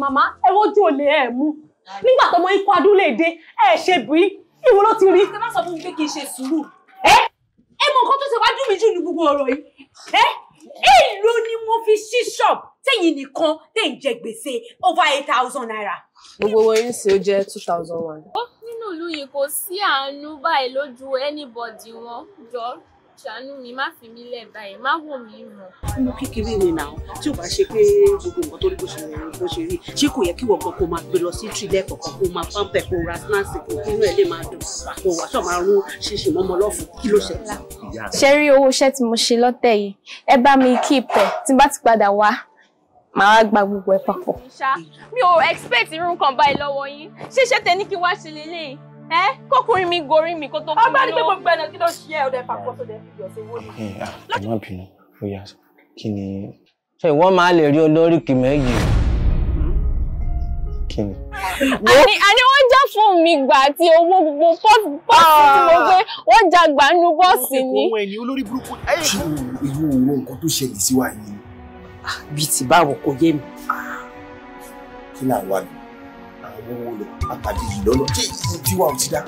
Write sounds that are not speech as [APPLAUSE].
màmá ẹ wojú olè ẹ mú nígbà tọmọ ikú adúlé dé ẹ ṣe bí ìwọ ló ti rí. ẹ má sọ fún mi pé kí n ṣe sùúrù. ẹ ẹ mọ nǹkan tó ṣe wájú mi jù ní gbogbo ọ̀rọ̀ yìí. ẹ èèlò ni mo fi ṣí ṣọ́ọ̀bù tẹ̀yìn nìkan tẹ̀ jẹ gbèsè over eight thousand naira. gbogbo owó yín sì ó jẹ́ two thousand one. nínú ìlú yìí kò sí àánú báyìí lójú anybody wọn jọ ṣàánú mi má fi mí lẹ̀ báyìí má wò mí ràn. ọmọ kékeré ni nà ó tí ò bá ṣe pé gbogbo nǹkan tó ní bó ṣe rẹ bó ṣe rí ṣé kò yẹ kí wọ́n gan kó máa gbé lọ sí tìlẹ̀ kọ̀ọ̀kan kó máa pàmpẹ́ kó ra snacks kó kí inú ẹ̀ lè máa dùn kó wà tó máa rún ṣíṣe mọ́mọ́ lọ́fun kí ló ṣe. ṣe rí owó iṣẹ́ tí mo ṣe lọ́tẹ̀ yìí ẹ bá mi kí ipẹ̀ tí bá ti padà wá màá wá gba gbogbo ẹ papọ̀. mi ò expect irú nǹkan báyìí lọ́wọ́ yín ṣé ṣé tẹ ní kí wá ṣe lélẹ́yìn ẹ kọkùnrin mi gorí mi kó tó fún mi lọ. ọgbẹ́ni pé mo gbẹ́ni kí ló ṣe ẹ̀ ọ̀dẹ̀ pàpọ̀ tó dẹ̀ fi jọ sí owó ni. Ah, ẹ má bínú ó yà sọ kí ni. ṣé ìwọ máa lè rí olórí kì méjì. kí ni. [LAUGHS] àní àní wọ́n já fóònù mi gbà àti owó gbogbo pọ́ọ̀sì tí mo gbé wọ́n já gbà nínú bọ́ọ̀sì ni. ohun ẹni olórí burúkú ẹ̀yìn kan. irú òun nǹkan tó ṣẹlẹ̀ sí wa yìí. Ah, bíi tìbáwọ̀ kò yé mi. kí làwọn àlè àwọn olè apàdé yìí lọ́nà tí ìlú tiwa dá.